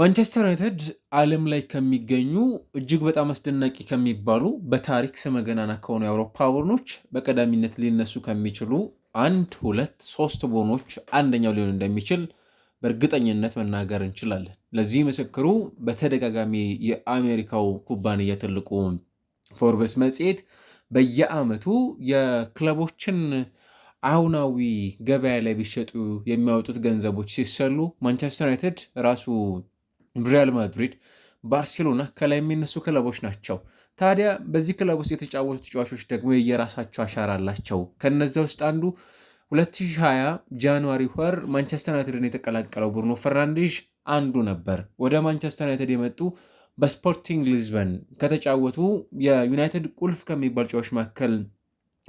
ማንቸስተር ዩናይትድ ዓለም ላይ ከሚገኙ እጅግ በጣም አስደናቂ ከሚባሉ በታሪክ ስመገናና ከሆኑ የአውሮፓ ቡድኖች በቀዳሚነት ሊነሱ ከሚችሉ አንድ ሁለት ሶስት ቡድኖች አንደኛው ሊሆን እንደሚችል በእርግጠኝነት መናገር እንችላለን። ለዚህ ምስክሩ በተደጋጋሚ የአሜሪካው ኩባንያ ትልቁ ፎርበስ መጽሔት በየዓመቱ የክለቦችን አሁናዊ ገበያ ላይ ቢሸጡ የሚያወጡት ገንዘቦች ሲሰሉ ማንቸስተር ዩናይትድ ራሱ ሪያል ማድሪድ፣ ባርሴሎና ከላይ የሚነሱ ክለቦች ናቸው። ታዲያ በዚህ ክለብ ውስጥ የተጫወቱ ተጫዋቾች ደግሞ የየራሳቸው አሻራ አላቸው። ከነዚያ ውስጥ አንዱ 2020 ጃንዋሪ ወር ማንቸስተር ዩናይትድን የተቀላቀለው ብሩኖ ፈርናንዴዥ አንዱ ነበር። ወደ ማንቸስተር ዩናይትድ የመጡ በስፖርቲንግ ሊዝበን ከተጫወቱ የዩናይትድ ቁልፍ ከሚባሉ ተጫዋቾች መካከል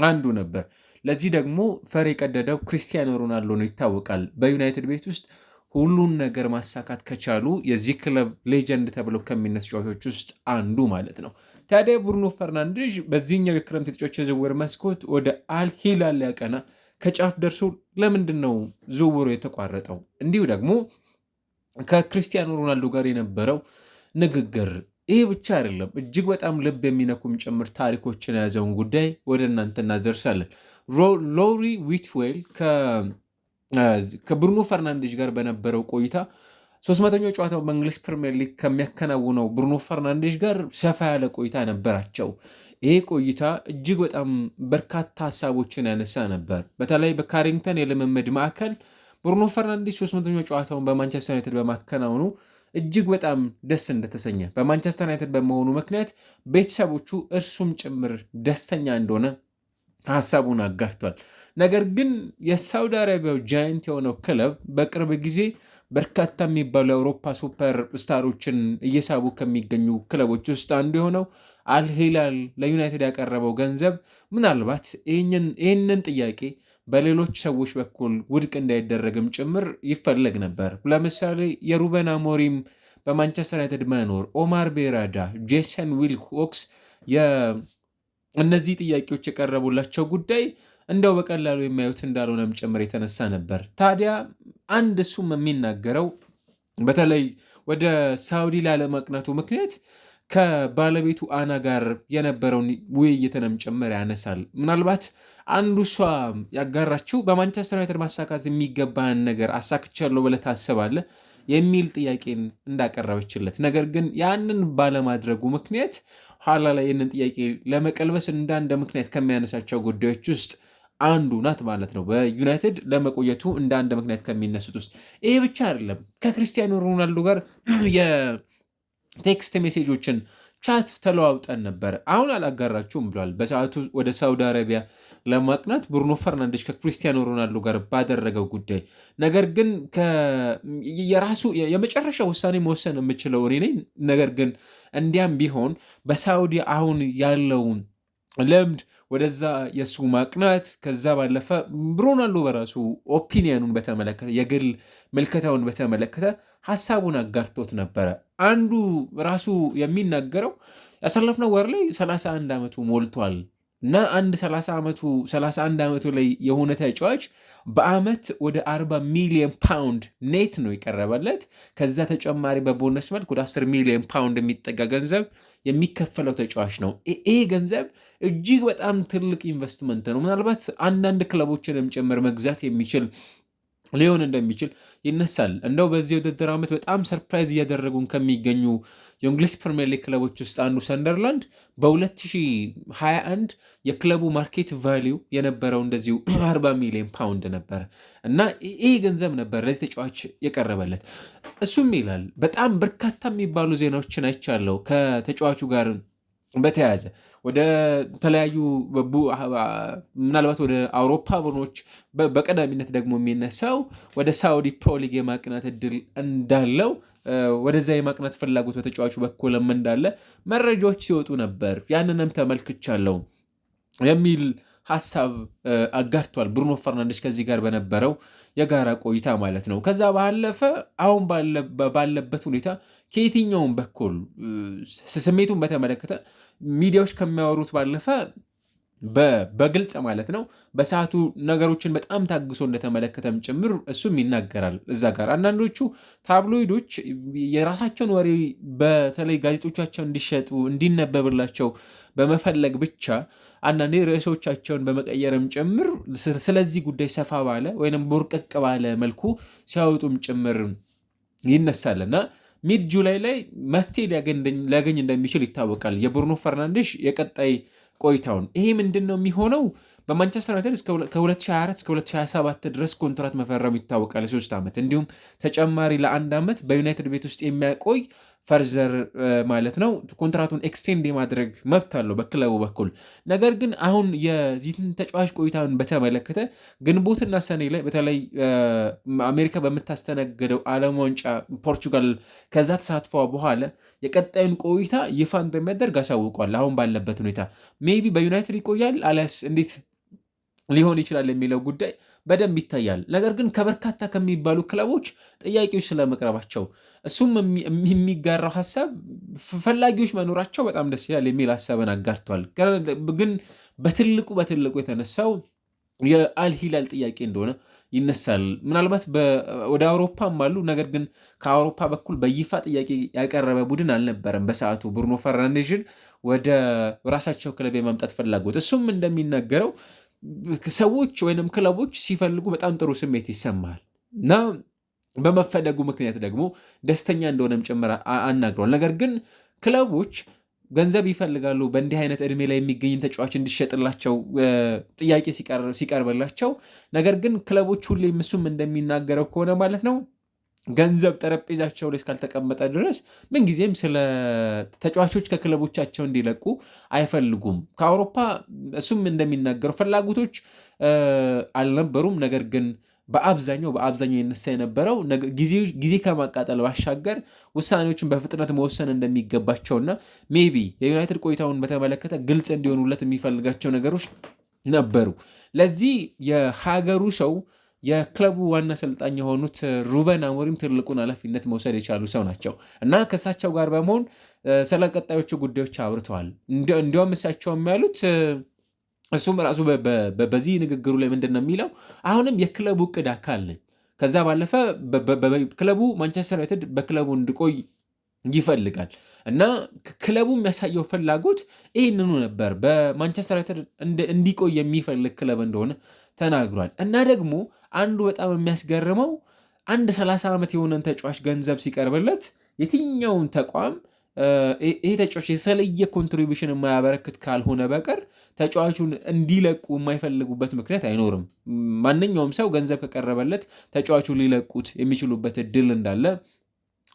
አንዱ ነበር። ለዚህ ደግሞ ፈር የቀደደው ክሪስቲያኖ ሮናልዶ ነው ይታወቃል። በዩናይትድ ቤት ውስጥ ሁሉን ነገር ማሳካት ከቻሉ የዚህ ክለብ ሌጀንድ ተብለው ከሚነሱ ጨዋቾች ውስጥ አንዱ ማለት ነው። ታዲያ ብሩኖ ፈርናንዴዥ በዚህኛው የክረምት የተጫዋች የዝውውር መስኮት ወደ አልሂላል ያቀና ከጫፍ ደርሶ ለምንድን ነው ዝውውሩ የተቋረጠው? እንዲሁ ደግሞ ከክርስቲያኖ ሮናልዶ ጋር የነበረው ንግግር ይህ ብቻ አይደለም። እጅግ በጣም ልብ የሚነኩም ጭምር ታሪኮችን የያዘውን ጉዳይ ወደ እናንተ እናደርሳለን። ሎሪ ዊትዌል ከብሩኖ ፈርናንዴዥ ጋር በነበረው ቆይታ ሶስት መቶኛው ጨዋታው በእንግሊዝ ፕሪምየር ሊግ ከሚያከናውነው ብሩኖ ፈርናንዴዥ ጋር ሰፋ ያለ ቆይታ ነበራቸው። ይሄ ቆይታ እጅግ በጣም በርካታ ሀሳቦችን ያነሳ ነበር። በተለይ በካሪንግተን የልምምድ ማዕከል ብሩኖ ፈርናንዴዥ ሶስት መቶኛው ጨዋታውን በማንቸስተር ዩናይትድ በማከናወኑ እጅግ በጣም ደስ እንደተሰኘ በማንቸስተር ዩናይትድ በመሆኑ ምክንያት ቤተሰቦቹ እርሱም ጭምር ደስተኛ እንደሆነ ሀሳቡን አጋርቷል። ነገር ግን የሳውዲ አረቢያው ጃይንት የሆነው ክለብ በቅርብ ጊዜ በርካታ የሚባሉ የአውሮፓ ሱፐር ስታሮችን እየሳቡ ከሚገኙ ክለቦች ውስጥ አንዱ የሆነው አልሂላል ለዩናይትድ ያቀረበው ገንዘብ ምናልባት ይህንን ጥያቄ በሌሎች ሰዎች በኩል ውድቅ እንዳይደረግም ጭምር ይፈለግ ነበር። ለምሳሌ የሩበን አሞሪም በማንቸስተር ዩናይትድ መኖር፣ ኦማር ቤራዳ፣ ጄሰን ዊልኮክስ እነዚህ ጥያቄዎች የቀረቡላቸው ጉዳይ እንደው በቀላሉ የማዩት እንዳልሆነም ጭምር የተነሳ ነበር። ታዲያ አንድ እሱም የሚናገረው በተለይ ወደ ሳውዲ ላለማቅናቱ ምክንያት ከባለቤቱ አና ጋር የነበረውን ውይይትንም ጭምር ያነሳል። ምናልባት አንዱ እሷ ያጋራችው በማንቸስተር ዩናይትድ ማሳካት የሚገባን ነገር አሳክቻለሁ ብለህ ታስባለህ የሚል ጥያቄን እንዳቀረበችለት፣ ነገር ግን ያንን ባለማድረጉ ምክንያት ኋላ ላይ ይህንን ጥያቄ ለመቀልበስ እንዳንድ ምክንያት ከሚያነሳቸው ጉዳዮች ውስጥ አንዱ ናት ማለት ነው። በዩናይትድ ለመቆየቱ እንደ አንድ ምክንያት ከሚነሱት ውስጥ ይሄ ብቻ አይደለም። ከክርስቲያኖ ሮናልዶ ጋር የቴክስት ሜሴጆችን ቻት ተለዋውጠን ነበር። አሁን አላጋራችሁም ብሏል። በሰዓቱ ወደ ሳውዲ አረቢያ ለማቅናት ብሩኖ ፈርናንዴሽ ከክሪስቲያኖ ሮናልዶ ጋር ባደረገው ጉዳይ ነገር ግን የራሱ የመጨረሻ ውሳኔ መወሰን የምችለው እኔ ነኝ። ነገር ግን እንዲያም ቢሆን በሳውዲ አሁን ያለውን ልምድ ወደዛ የእሱ ማቅናት ከዛ ባለፈ ሮናልዶ በራሱ ኦፒኒየኑን በተመለከተ የግል ምልከታውን በተመለከተ ሀሳቡን አጋርቶት ነበረ። አንዱ ራሱ የሚናገረው ያሳለፍነው ወር ላይ 31 ዓመቱ ሞልቷል እና አንድ 31 ዓመቱ ላይ የሆነ ተጫዋች በአመት ወደ 40 ሚሊዮን ፓውንድ ኔት ነው የቀረበለት። ከዛ ተጨማሪ በቦነስ መልክ ወደ 10 ሚሊዮን ፓውንድ የሚጠጋ ገንዘብ የሚከፈለው ተጫዋች ነው። ይሄ ገንዘብ እጅግ በጣም ትልቅ ኢንቨስትመንት ነው። ምናልባት አንዳንድ ክለቦችንም ጭምር መግዛት የሚችል ሊሆን እንደሚችል ይነሳል። እንደው በዚህ ውድድር ዓመት በጣም ሰርፕራይዝ እያደረጉን ከሚገኙ የእንግሊዝ ፕሪምየር ሊግ ክለቦች ውስጥ አንዱ ሰንደርላንድ በ2021 የክለቡ ማርኬት ቫሊዩ የነበረው እንደዚሁ 40 ሚሊዮን ፓውንድ ነበረ እና ይህ ገንዘብ ነበር ለዚህ ተጫዋች የቀረበለት። እሱም ይላል በጣም በርካታ የሚባሉ ዜናዎችን አይቻለው ከተጫዋቹ ጋር በተያያዘ ወደ ተለያዩ ምናልባት ወደ አውሮፓ ቡድኖች በቀዳሚነት ደግሞ የሚነሳው ወደ ሳውዲ ፕሮሊግ የማቅናት እድል እንዳለው ወደዛ የማቅናት ፍላጎት በተጫዋቹ በኩልም እንዳለ መረጃዎች ሲወጡ ነበር። ያንንም ተመልክቻለሁ የሚል ሀሳብ አጋርቷል ብሩኖ ፈርናንዴስ ከዚህ ጋር በነበረው የጋራ ቆይታ ማለት ነው። ከዛ ባለፈ አሁን ባለበት ሁኔታ ከየትኛውም በኩል ስሜቱን በተመለከተ ሚዲያዎች ከሚያወሩት ባለፈ በግልጽ ማለት ነው። በሰዓቱ ነገሮችን በጣም ታግሶ እንደተመለከተም ጭምር እሱም ይናገራል እዛ ጋር። አንዳንዶቹ ታብሎይዶች የራሳቸውን ወሬ በተለይ ጋዜጦቻቸው እንዲሸጡ እንዲነበብላቸው በመፈለግ ብቻ አንዳንዴ ርዕሶቻቸውን በመቀየርም ጭምር ስለዚህ ጉዳይ ሰፋ ባለ ወይም ቦርቀቅ ባለ መልኩ ሲያወጡም ጭምር ይነሳልና ሚድ ጁላይ ላይ መፍትሄ ሊያገኝ እንደሚችል ይታወቃል። የብሩኖ ፈርናንዴሽ የቀጣይ ቆይታውን ይሄ ምንድን ነው የሚሆነው? በማንቸስተር ዩናይትድ ከ2024 እስከ 2027 ድረስ ኮንትራት መፈረሙ ይታወቃል። ሶስት ዓመት እንዲሁም ተጨማሪ ለአንድ ዓመት በዩናይትድ ቤት ውስጥ የሚያቆይ ፈርዘር ማለት ነው ኮንትራቱን ኤክስቴንድ የማድረግ መብት አለው በክለቡ በኩል። ነገር ግን አሁን የዚህን ተጫዋች ቆይታን በተመለከተ ግንቦትና ሰኔ ላይ በተለይ አሜሪካ በምታስተናግደው ዓለም ዋንጫ ፖርቹጋል ከዛ ተሳትፏ በኋላ የቀጣዩን ቆይታ ይፋ እንደሚያደርግ አሳውቋል። አሁን ባለበት ሁኔታ ሜይ ቢ በዩናይትድ ይቆያል አሊያስ እንዴት ሊሆን ይችላል የሚለው ጉዳይ በደንብ ይታያል። ነገር ግን ከበርካታ ከሚባሉ ክለቦች ጥያቄዎች ስለመቅረባቸው እሱም የሚጋራው ሀሳብ ፈላጊዎች መኖራቸው በጣም ደስ ይላል የሚል ሀሳብን አጋርቷል። ግን በትልቁ በትልቁ የተነሳው የአልሂላል ጥያቄ እንደሆነ ይነሳል። ምናልባት ወደ አውሮፓም አሉ። ነገር ግን ከአውሮፓ በኩል በይፋ ጥያቄ ያቀረበ ቡድን አልነበረም በሰዓቱ ብሩኖ ፈርናንዴዥን ወደ ራሳቸው ክለብ የማምጣት ፍላጎት እሱም እንደሚናገረው ሰዎች ወይንም ክለቦች ሲፈልጉ በጣም ጥሩ ስሜት ይሰማል። እና በመፈለጉ ምክንያት ደግሞ ደስተኛ እንደሆነም ጭምር አናግረዋል። ነገር ግን ክለቦች ገንዘብ ይፈልጋሉ። በእንዲህ አይነት እድሜ ላይ የሚገኝን ተጫዋች እንዲሸጥላቸው ጥያቄ ሲቀርብላቸው፣ ነገር ግን ክለቦች ሁሌም እሱም እንደሚናገረው ከሆነ ማለት ነው ገንዘብ ጠረጴዛቸው ላይ እስካልተቀመጠ ድረስ ምንጊዜም ስለ ተጫዋቾች ከክለቦቻቸው እንዲለቁ አይፈልጉም። ከአውሮፓ እሱም እንደሚናገረው ፍላጎቶች አልነበሩም። ነገር ግን በአብዛኛው በአብዛኛው የነሳ የነበረው ጊዜ ከማቃጠል ባሻገር ውሳኔዎችን በፍጥነት መወሰን እንደሚገባቸውና ሜቢ የዩናይትድ ቆይታውን በተመለከተ ግልጽ እንዲሆኑለት የሚፈልጋቸው ነገሮች ነበሩ። ለዚህ የሀገሩ ሰው የክለቡ ዋና አሰልጣኝ የሆኑት ሩበን አሞሪም ትልቁን ኃላፊነት መውሰድ የቻሉ ሰው ናቸው እና ከእሳቸው ጋር በመሆን ስለ ቀጣዮቹ ጉዳዮች አውርተዋል። እንዲያውም እሳቸው ያሉት እሱም ራሱ በዚህ ንግግሩ ላይ ምንድን ነው የሚለው አሁንም የክለቡ እቅድ አካል ነኝ። ከዛ ባለፈ ክለቡ ማንቸስተር ዩናይትድ በክለቡ እንድቆይ ይፈልጋል እና ክለቡ የሚያሳየው ፍላጎት ይህንኑ ነበር። በማንቸስተር ዩናይትድ እንዲቆይ የሚፈልግ ክለብ እንደሆነ ተናግሯል እና ደግሞ አንዱ በጣም የሚያስገርመው አንድ 30 ዓመት የሆነን ተጫዋች ገንዘብ ሲቀርብለት የትኛውን ተቋም ይሄ ተጫዋች የተለየ ኮንትሪቢሽን የማያበረክት ካልሆነ በቀር ተጫዋቹን እንዲለቁ የማይፈልጉበት ምክንያት አይኖርም። ማንኛውም ሰው ገንዘብ ከቀረበለት ተጫዋቹን ሊለቁት የሚችሉበት እድል እንዳለ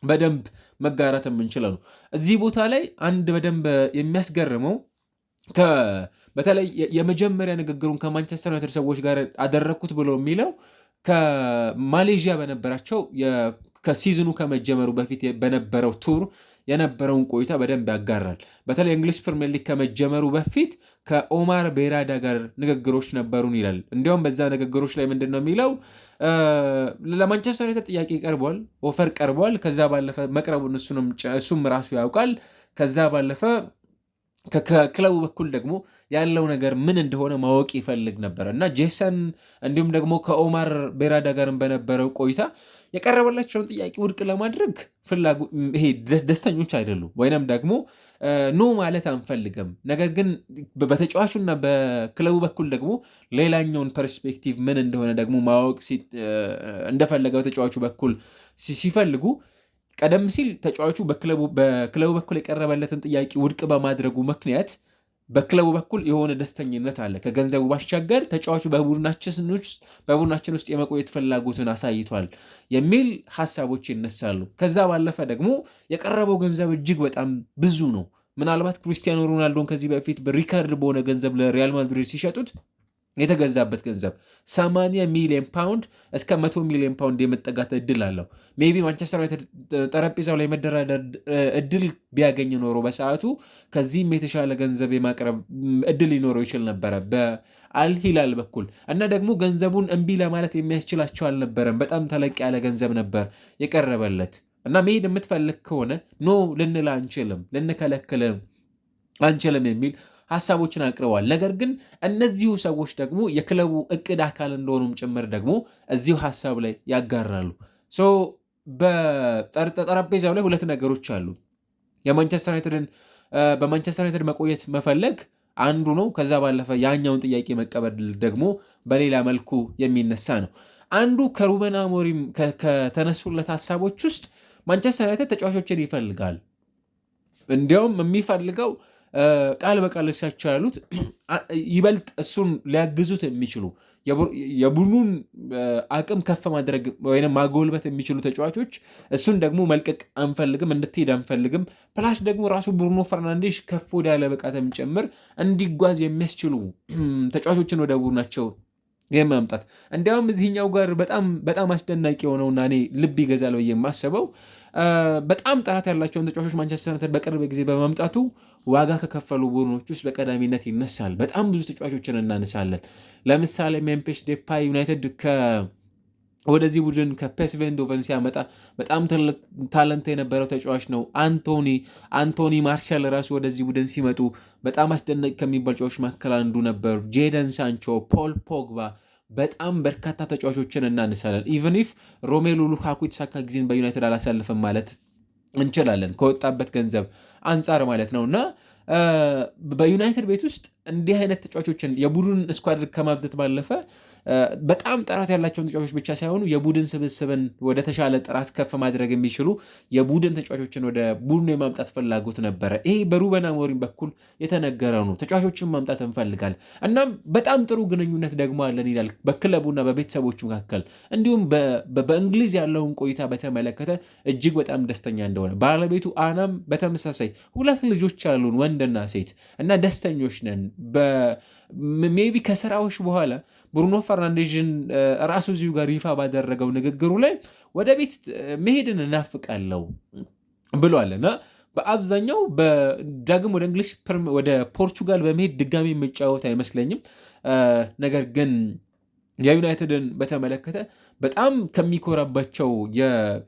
በደንብ መጋራት የምንችለው ነው። እዚህ ቦታ ላይ አንድ በደንብ የሚያስገርመው በተለይ የመጀመሪያ ንግግሩን ከማንቸስተር ዩናይትድ ሰዎች ጋር አደረግኩት ብሎ የሚለው ከማሌዥያ በነበራቸው ከሲዝኑ ከመጀመሩ በፊት በነበረው ቱር የነበረውን ቆይታ በደንብ ያጋራል። በተለይ እንግሊዝ ፕሪምየር ሊግ ከመጀመሩ በፊት ከኦማር ቤራዳ ጋር ንግግሮች ነበሩን ይላል። እንዲያውም በዛ ንግግሮች ላይ ምንድን ነው የሚለው ለማንቸስተር ዩናይትድ ጥያቄ ቀርቧል፣ ኦፈር ቀርቧል። ከዛ ባለፈ መቅረቡን እሱም ራሱ ያውቃል። ከዛ ባለፈ ከክለቡ በኩል ደግሞ ያለው ነገር ምን እንደሆነ ማወቅ ይፈልግ ነበረ እና ጄሰን እንዲሁም ደግሞ ከኦማር ቤራዳ ጋርም በነበረው ቆይታ የቀረበላቸውን ጥያቄ ውድቅ ለማድረግ ይሄ ደስተኞች አይደሉም፣ ወይም ደግሞ ኖ ማለት አንፈልግም። ነገር ግን በተጫዋቹና በክለቡ በኩል ደግሞ ሌላኛውን ፐርስፔክቲቭ ምን እንደሆነ ደግሞ ማወቅ እንደፈለገ በተጫዋቹ በኩል ሲፈልጉ ቀደም ሲል ተጫዋቹ በክለቡ በኩል የቀረበለትን ጥያቄ ውድቅ በማድረጉ ምክንያት በክለቡ በኩል የሆነ ደስተኝነት አለ። ከገንዘቡ ባሻገር ተጫዋቹ በቡድናችን ውስጥ የመቆየት ፍላጎትን አሳይቷል የሚል ሀሳቦች ይነሳሉ። ከዛ ባለፈ ደግሞ የቀረበው ገንዘብ እጅግ በጣም ብዙ ነው። ምናልባት ክሪስቲያኖ ሮናልዶን ከዚህ በፊት በሪካርድ በሆነ ገንዘብ ለሪያል ማድሪድ ሲሸጡት የተገዛበት ገንዘብ 80 ሚሊዮን ፓውንድ እስከ 100 ሚሊዮን ፓውንድ የመጠጋት እድል አለው። ሜቢ ቢ ማንቸስተር ዩናይትድ ጠረጴዛው ላይ መደራደር uh, እድል ቢያገኝ ኖሮ በሰዓቱ ከዚህም የተሻለ ገንዘብ የማቅረብ mm, እድል ሊኖረው ይችል ነበረ በአልሂላል በኩል እና ደግሞ ገንዘቡን እምቢ ለማለት የሚያስችላቸው አልነበረም። በጣም ተለቅ ያለ ገንዘብ ነበር የቀረበለት እና መሄድ የምትፈልግ ከሆነ ኖ ልንል አንችልም፣ ልንከለክልም አንችልም የሚል ሀሳቦችን አቅርበዋል። ነገር ግን እነዚሁ ሰዎች ደግሞ የክለቡ እቅድ አካል እንደሆኑም ጭምር ደግሞ እዚሁ ሀሳብ ላይ ያጋራሉ። በጠረጴዛው ላይ ሁለት ነገሮች አሉ። የማንቸስተር ዩናይትድን በማንቸስተር ዩናይትድ መቆየት መፈለግ አንዱ ነው። ከዛ ባለፈ ያኛውን ጥያቄ መቀበል ደግሞ በሌላ መልኩ የሚነሳ ነው። አንዱ ከሩበን አሞሪም ከተነሱለት ሀሳቦች ውስጥ ማንቸስተር ዩናይትድ ተጫዋቾችን ይፈልጋል። እንዲያውም የሚፈልገው ቃል በቃል እሳቸው ያሉት ይበልጥ እሱን ሊያግዙት የሚችሉ የቡድኑን አቅም ከፍ ማድረግ ወይም ማጎልበት የሚችሉ ተጫዋቾች እሱን ደግሞ መልቀቅ አንፈልግም፣ እንድትሄድ አንፈልግም። ፕላስ ደግሞ ራሱ ብሩኖ ፈርናንዴሽ ከፍ ወደ ያለ ብቃትም ጭምር እንዲጓዝ የሚያስችሉ ተጫዋቾችን ወደ ቡድናቸው የማምጣት እንዲያውም እዚህኛው ጋር በጣም በጣም አስደናቂ የሆነውና እኔ ልብ ይገዛል ብዬ የማስበው በጣም ጥራት ያላቸውን ተጫዋቾች ማንቸስተር ዩናይትድ በቅርብ ጊዜ በማምጣቱ ዋጋ ከከፈሉ ቡድኖች ውስጥ በቀዳሚነት ይነሳል። በጣም ብዙ ተጫዋቾችን እናነሳለን። ለምሳሌ ሜምፊስ ዴፓይ ዩናይትድ ወደዚህ ቡድን ከፔስቬ ኤindሆቨን ሲያመጣ በጣም ታለንት የነበረው ተጫዋች ነው። አንቶኒ አንቶኒ ማርሻል ራሱ ወደዚህ ቡድን ሲመጡ በጣም አስደናቂ ከሚባል ጫዎች መካከል አንዱ ነበሩ። ጄደን ሳንቾ፣ ፖል ፖግባ በጣም በርካታ ተጫዋቾችን እናነሳለን። ኢቨን ኢፍ ሮሜሉ ሉካኩ የተሳካ ጊዜን በዩናይትድ አላሳልፍም ማለት እንችላለን ከወጣበት ገንዘብ አንጻር ማለት ነው እና በዩናይትድ ቤት ውስጥ እንዲህ አይነት ተጫዋቾችን የቡድን ስኳድ ከማብዘት ባለፈ በጣም ጥራት ያላቸውን ተጫዋቾች ብቻ ሳይሆኑ የቡድን ስብስብን ወደ ተሻለ ጥራት ከፍ ማድረግ የሚችሉ የቡድን ተጫዋቾችን ወደ ቡድኑ የማምጣት ፍላጎት ነበረ። ይሄ በሩበን አሞሪም በኩል የተነገረ ነው። ተጫዋቾችን ማምጣት እንፈልጋል። እናም በጣም ጥሩ ግንኙነት ደግሞ አለን ይላል በክለቡና በቤተሰቦች መካከል። እንዲሁም በእንግሊዝ ያለውን ቆይታ በተመለከተ እጅግ በጣም ደስተኛ እንደሆነ ባለቤቱ አናም በተመሳሳይ ሁለት ልጆች ያሉን ወንድና ሴት እና ደስተኞች ነን ሜቢ ከስራዎች በኋላ ብሩኖ ፈርናንዴዥን ራሱ እዚሁ ጋር ይፋ ባደረገው ንግግሩ ላይ ወደ ቤት መሄድን እናፍቃለው ብሏል በአብዛኛው ዳግም ወደ እንግሊሽ ወደ ፖርቹጋል በመሄድ ድጋሚ የምጫወት አይመስለኝም። ነገር ግን የዩናይትድን በተመለከተ በጣም ከሚኮራባቸው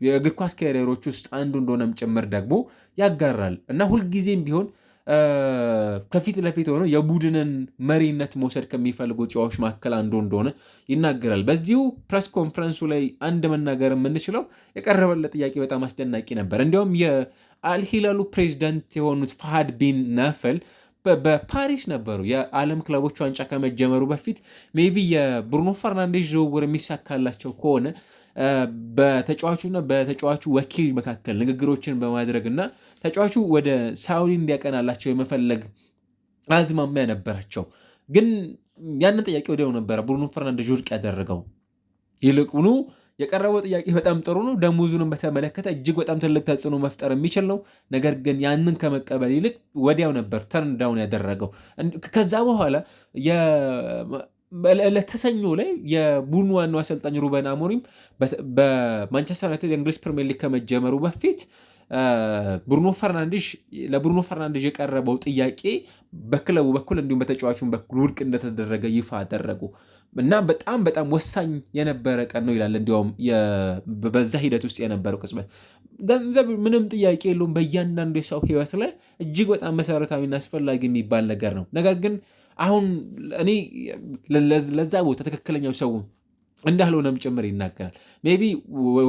የእግር ኳስ ካሪየሮች ውስጥ አንዱ እንደሆነም ጭምር ደግሞ ያጋራል እና ሁልጊዜም ቢሆን ከፊት ለፊት ሆኖ የቡድንን መሪነት መውሰድ ከሚፈልጉ ተጫዋቾች መካከል አንዱ እንደሆነ ይናገራል። በዚሁ ፕሬስ ኮንፈረንሱ ላይ አንድ መናገር የምንችለው የቀረበለት ጥያቄ በጣም አስደናቂ ነበር። እንዲያውም የአልሂላሉ ፕሬዚዳንት የሆኑት ፋሃድ ቢን ነፈል በፓሪስ ነበሩ። የዓለም ክለቦች ዋንጫ ከመጀመሩ በፊት ሜይ ቢ የብሩኖ ፈርናንዴዝ ዝውውር የሚሳካላቸው ከሆነ በተጫዋቹና በተጫዋቹ ወኪል መካከል ንግግሮችን በማድረግ እና ተጫዋቹ ወደ ሳውዲ እንዲያቀናላቸው የመፈለግ አዝማሚያ ነበራቸው። ግን ያንን ጥያቄ ወዲያው ነበረ ብሩኖ ፈርናንዴዝ ውድቅ ያደረገው። ይልቁኑ የቀረበው ጥያቄ በጣም ጥሩ ነው። ደሞዙንም በተመለከተ እጅግ በጣም ትልቅ ተጽዕኖ መፍጠር የሚችል ነው። ነገር ግን ያንን ከመቀበል ይልቅ ወዲያው ነበር ተርንዳውን ያደረገው። ከዛ በኋላ ለተሰኞ ላይ የቡድኑ ዋናው አሰልጣኝ ሩበን አሞሪም በማንቸስተር ዩናይትድ የእንግሊዝ ፕሪሚየር ሊግ ከመጀመሩ በፊት ብሩኖ ፈርናንዴሽ ለብሩኖ ፈርናንዴሽ የቀረበው ጥያቄ በክለቡ በኩል እንዲሁም በተጫዋቹን በኩል ውድቅ እንደተደረገ ይፋ አደረጉ እና በጣም በጣም ወሳኝ የነበረ ቀን ነው ይላል። እንዲያውም በዛ ሂደት ውስጥ የነበረው ቅጽበት ገንዘብ ምንም ጥያቄ የለውም። በእያንዳንዱ የሰው ሕይወት ላይ እጅግ በጣም መሰረታዊና አስፈላጊ የሚባል ነገር ነው። ነገር ግን አሁን እኔ ለዛ ቦታ ትክክለኛው ሰው እንዳልሆነም ጭምር ይናገራል። ቢ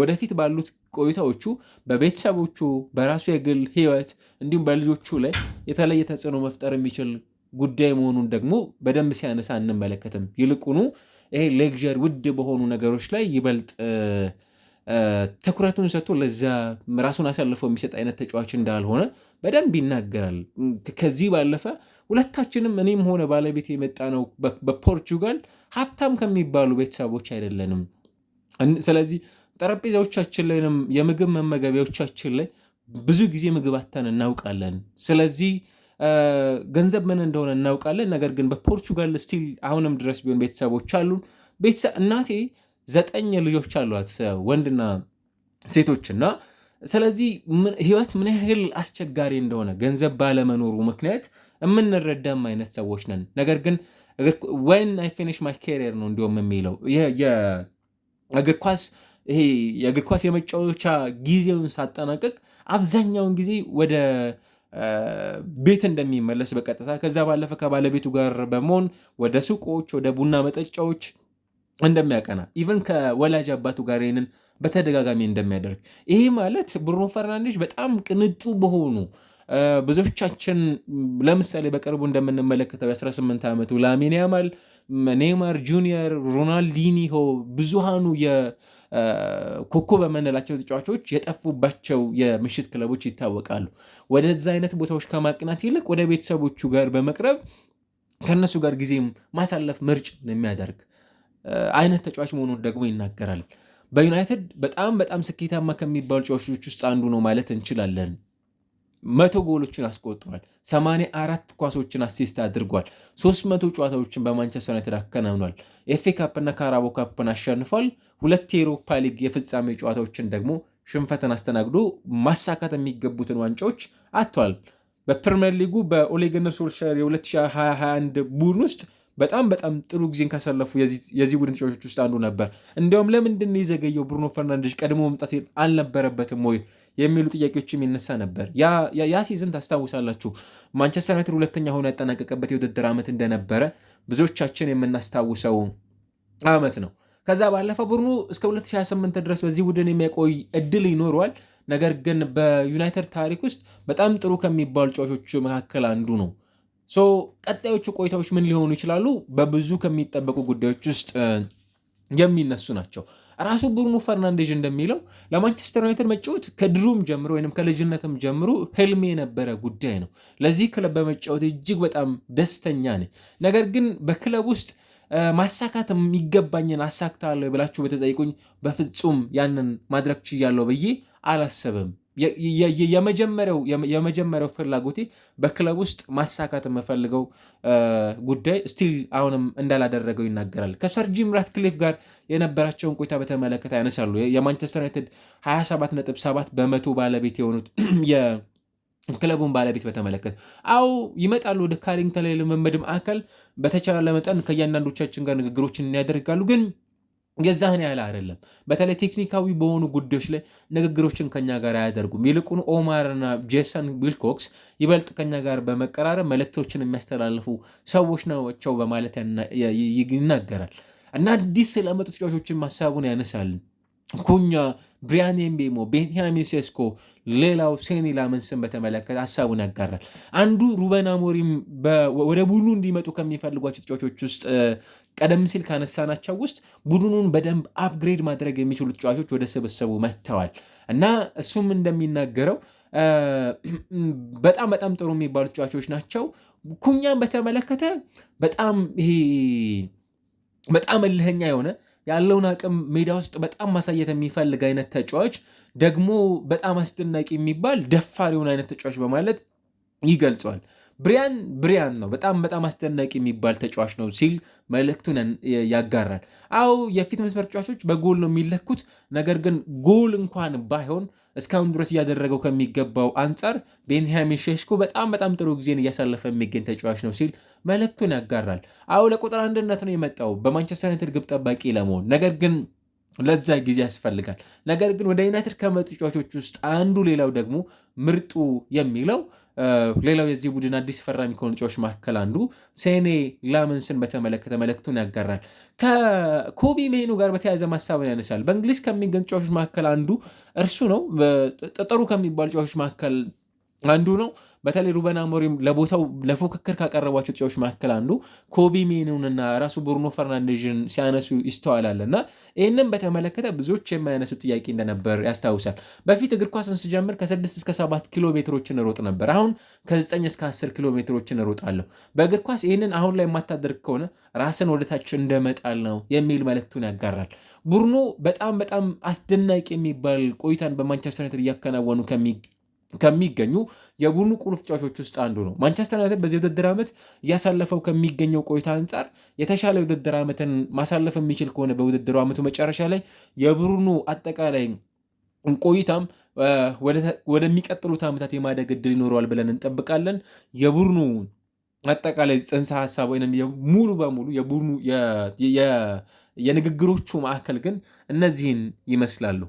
ወደፊት ባሉት ቆይታዎቹ በቤተሰቦቹ በራሱ የግል ህይወት እንዲሁም በልጆቹ ላይ የተለየ ተጽዕኖ መፍጠር የሚችል ጉዳይ መሆኑን ደግሞ በደንብ ሲያነሳ አንመለከትም። ይልቁኑ ይሄ ሌክዠር ውድ በሆኑ ነገሮች ላይ ይበልጥ ትኩረቱን ሰጥቶ ለዛ ራሱን አሳልፎ የሚሰጥ አይነት ተጫዋች እንዳልሆነ በደንብ ይናገራል። ከዚህ ባለፈ ሁለታችንም እኔም ሆነ ባለቤት የመጣ ነው በፖርቹጋል ሀብታም ከሚባሉ ቤተሰቦች አይደለንም። ስለዚህ ጠረጴዛዎቻችን ላይ የምግብ መመገቢያዎቻችን ላይ ብዙ ጊዜ ምግብ አተን እናውቃለን። ስለዚህ ገንዘብ ምን እንደሆነ እናውቃለን። ነገር ግን በፖርቹጋል ስቲል አሁንም ድረስ ቢሆን ቤተሰቦች አሉ። እናቴ ዘጠኝ ልጆች አሏት ወንድና ሴቶችና ስለዚህ ህይወት ምን ያህል አስቸጋሪ እንደሆነ ገንዘብ ባለመኖሩ ምክንያት የምንረዳም አይነት ሰዎች ነን ነገር ግን ወን አይ ፊኒሽ ማይ ካሪየር ነው እንዲሁም የሚለው ኳስ ይሄ የእግር ኳስ የመጫወቻ ጊዜውን ሳጠናቀቅ አብዛኛውን ጊዜ ወደ ቤት እንደሚመለስ በቀጥታ ከዛ ባለፈ ከባለቤቱ ጋር በመሆን ወደ ሱቆች፣ ወደ ቡና መጠጫዎች እንደሚያቀና ኢቨን ከወላጅ አባቱ ጋር ይህንን በተደጋጋሚ እንደሚያደርግ ይሄ ማለት ብሩኖ ፈርናንዴዝ በጣም ቅንጡ በሆኑ ብዙዎቻችን ለምሳሌ በቅርቡ እንደምንመለከተው የ18 ዓመቱ ላሚን ያማል፣ ኔይማር ጁኒየር፣ ሮናልዲኒሆ ብዙሃኑ የኮኮ በምንላቸው ተጫዋቾች የጠፉባቸው የምሽት ክለቦች ይታወቃሉ። ወደዛ አይነት ቦታዎች ከማቅናት ይልቅ ወደ ቤተሰቦቹ ጋር በመቅረብ ከእነሱ ጋር ጊዜ ማሳለፍ ምርጭ የሚያደርግ አይነት ተጫዋች መሆኑን ደግሞ ይናገራል። በዩናይትድ በጣም በጣም ስኬታማ ከሚባሉ ተጫዋቾች ውስጥ አንዱ ነው ማለት እንችላለን። መቶ ጎሎችን አስቆጥሯል። 84 ኳሶችን አሲስት አድርጓል። 300 ጨዋታዎችን በማንቸስተር ዩናይትድ አከናውኗል። ኤፌ ካፕና ካራቦ ካፕን አሸንፏል። ሁለት የኤሮፓ ሊግ የፍጻሜ ጨዋታዎችን ደግሞ ሽንፈትን አስተናግዶ ማሳካት የሚገቡትን ዋንጫዎች አጥቷል። በፕሪምየር ሊጉ በኦሌግነር ሶልሻር የ2021 ቡድን ውስጥ በጣም በጣም ጥሩ ጊዜን ካሳለፉ የዚህ ቡድን ተጫዋቾች ውስጥ አንዱ ነበር። እንዲያውም ለምንድን የዘገየው ብሩኖ ፈርናንዴዝ ቀድሞ መምጣት አልነበረበትም ወይ የሚሉ ጥያቄዎችም ይነሳ ነበር። ያ ሲዝን ታስታውሳላችሁ ማንቸስተር ዩናይትድ ሁለተኛ ሆኖ ያጠናቀቀበት የውድድር ዓመት እንደነበረ ብዙዎቻችን የምናስታውሰው ዓመት ነው። ከዛ ባለፈ ቡድኑ እስከ 2028 ድረስ በዚህ ቡድን የሚያቆይ እድል ይኖረዋል። ነገር ግን በዩናይትድ ታሪክ ውስጥ በጣም ጥሩ ከሚባሉ ጨዋቾች መካከል አንዱ ነው። ሶ ቀጣዮቹ ቆይታዎች ምን ሊሆኑ ይችላሉ? በብዙ ከሚጠበቁ ጉዳዮች ውስጥ የሚነሱ ናቸው። ራሱ ብሩኖ ፈርናንዴዥ እንደሚለው ለማንቸስተር ዩናይትድ መጫወት ከድሩም ጀምሮ ወይም ከልጅነትም ጀምሮ ህልም የነበረ ጉዳይ ነው። ለዚህ ክለብ በመጫወት እጅግ በጣም ደስተኛ ነኝ። ነገር ግን በክለብ ውስጥ ማሳካት የሚገባኝን አሳክታለሁ ብላችሁ በተጠይቁኝ በፍጹም ያንን ማድረግ ችያለሁ ብዬ አላሰብም የመጀመሪያው የመጀመሪያው ፍላጎቴ በክለብ ውስጥ ማሳካት የምፈልገው ጉዳይ ስቲል አሁንም እንዳላደረገው ይናገራል። ከሰር ጂም ራትክሊፍ ጋር የነበራቸውን ቆይታ በተመለከተ ያነሳሉ። የማንቸስተር ዩናይትድ 27.7 በመቶ ባለቤት የሆኑት ክለቡን ባለቤት በተመለከተ አዎ ይመጣሉ። ወደ ካሪንግተን ላይ ልምምድም አካል በተቻለ መጠን ከእያንዳንዶቻችን ጋር ንግግሮችን ያደርጋሉ ግን የዛህን ያህል አይደለም። በተለይ ቴክኒካዊ በሆኑ ጉዳዮች ላይ ንግግሮችን ከኛ ጋር አያደርጉም። ይልቁን ኦማርና ጄሰን ዊልኮክስ ይበልጥ ከኛ ጋር በመቀራረብ መልእክቶችን የሚያስተላልፉ ሰዎች ናቸው በማለት ይናገራል እና አዲስ ስለመጡ ተጫዋቾችን ማሳቡን ያነሳልን ኩኛ፣ ብሪያን ምቤሞ፣ ቤንያሚን ሴስኮ ሌላው ሴኒ ላመንስን በተመለከተ ሀሳቡን ያጋራል። አንዱ ሩበን አሞሪም ወደ ቡድኑ እንዲመጡ ከሚፈልጓቸው ተጫዋቾች ውስጥ ቀደም ሲል ካነሳናቸው ውስጥ ቡድኑን በደንብ አፕግሬድ ማድረግ የሚችሉ ተጫዋቾች ወደ ስብስቡ መጥተዋል እና እሱም እንደሚናገረው በጣም በጣም ጥሩ የሚባሉ ተጫዋቾች ናቸው። ኩኛን በተመለከተ በጣም ይሄ በጣም እልህኛ የሆነ ያለውን አቅም ሜዳ ውስጥ በጣም ማሳየት የሚፈልግ አይነት ተጫዋች ደግሞ በጣም አስደናቂ የሚባል ደፋር የሆነ አይነት ተጫዋች በማለት ይገልጸዋል። ብሪያን ብሪያን ነው በጣም በጣም አስደናቂ የሚባል ተጫዋች ነው ሲል መልእክቱን ያጋራል። አዎ የፊት መስመር ተጫዋቾች በጎል ነው የሚለኩት። ነገር ግን ጎል እንኳን ባይሆን እስካሁን ድረስ እያደረገው ከሚገባው አንጻር ቤንያሚን ሸሽኮ በጣም በጣም ጥሩ ጊዜን እያሳለፈ የሚገኝ ተጫዋች ነው ሲል መልእክቱን ያጋራል። አዎ ለቁጥር አንድነት ነው የመጣው በማንቸስተር ዩናይትድ ግብ ጠባቂ ለመሆን ነገር ግን ለዛ ጊዜ ያስፈልጋል። ነገር ግን ወደ ዩናይትድ ከመጡ ተጫዋቾች ውስጥ አንዱ ሌላው ደግሞ ምርጡ የሚለው ሌላው የዚህ ቡድን አዲስ ፈራሚ ከሆኑ ተጫዋቾች መካከል አንዱ ሴኔ ላመንስን በተመለከተ መልእክቱን ያጋራል። ከኮቢ ሜኑ ጋር በተያያዘ ሀሳብን ያነሳል። በእንግሊዝ ከሚገኙ ተጫዋቾች መካከል አንዱ እርሱ ነው። ጠጠሩ ከሚባሉ ተጫዋቾች መካከል አንዱ ነው። በተለይ ሩበን አሞሪም ለቦታው ለፉክክር ካቀረቧቸው ተጫዋቾች መካከል አንዱ ኮቢ ሜኑንና ራሱ ብሩኖ ፈርናንዴዥን ሲያነሱ ይስተዋላል እና ይህንም በተመለከተ ብዙዎች የሚያነሱ ጥያቄ እንደነበር ያስታውሳል። በፊት እግር ኳስን ስጀምር ከ6 እስከ 7 ኪሎ ሜትሮችን ሮጥ ነበር። አሁን ከ9 እስከ 10 ኪሎ ሜትሮችን ሮጣለሁ። በእግር ኳስ ይህንን አሁን ላይ የማታደርግ ከሆነ ራስን ወደታች እንደመጣል ነው የሚል መልእክቱን ያጋራል። ቡርኖ በጣም በጣም አስደናቂ የሚባል ቆይታን በማንቸስተር ዩናይትድ እያከናወኑ ከሚ ከሚገኙ የቡድኑ ቁልፍ ተጫዋቾች ውስጥ አንዱ ነው። ማንቸስተር ዩናይትድ በዚህ ውድድር ዓመት እያሳለፈው ከሚገኘው ቆይታ አንጻር የተሻለ ውድድር ዓመትን ማሳለፍ የሚችል ከሆነ በውድድሩ ዓመቱ መጨረሻ ላይ የቡድኑ አጠቃላይ ቆይታም ወደሚቀጥሉት ዓመታት የማደግ እድል ይኖረዋል ብለን እንጠብቃለን። የቡድኑ አጠቃላይ ጽንሰ ሀሳብ ወይም ሙሉ በሙሉ የቡድኑ የንግግሮቹ ማዕከል ግን እነዚህን ይመስላሉ።